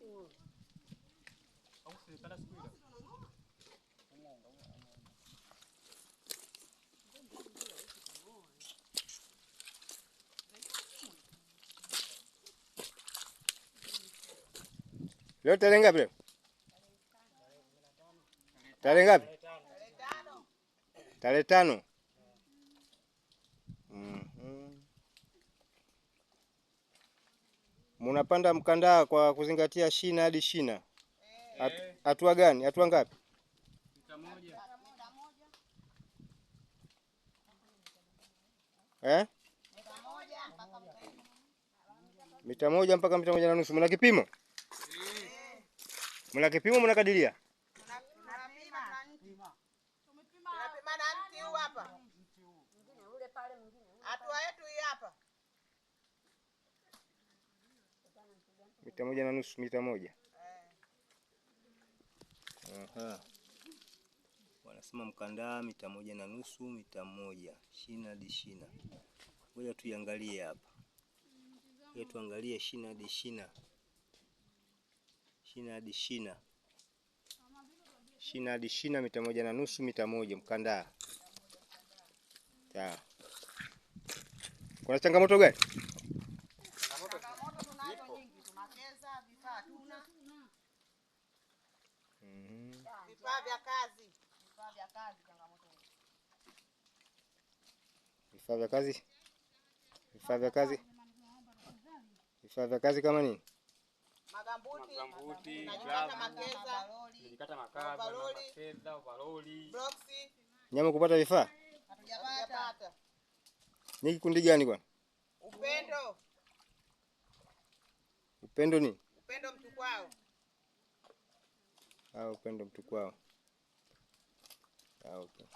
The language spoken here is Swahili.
오. te 따라 쓰고 이래. te te Munapanda mkandaa kwa kuzingatia shina hadi shina. Hatua At, gani? Hatua ngapi? Eh? Mita moja mpaka mita moja na nusu. Mna kipimo? Mna kipimo, mnakadiria? Tunapima. Tunapima na mti huu hapa. Mti huu. Mwingine ule pale mwingine. Hatua mita moja na nusu mita moja. Aha. Wanasema mkandaa mita moja na nusu mita moja, shina hadi shina. Ngoja tuiangalie hapa, ngoja tuangalie shina hadi shina, shina hadi shina, shina hadi shina, mita moja na nusu mita moja mkandaa. kuna changamoto gani? meza, vifaa hatuna, vifaa vya kazi, vifaa vya kazi, changamoto vifaa vya kazi, vifaa vya kazi, vifaa vya kazi kama nini? Magambuti, magambuti, ovaroli, Nyama kupata vifaa hatujapata. Ni kikundi gani bwana? Upendo ni Upendo mtu kwao, Ah, upendo mtu kwao, Ah, okay.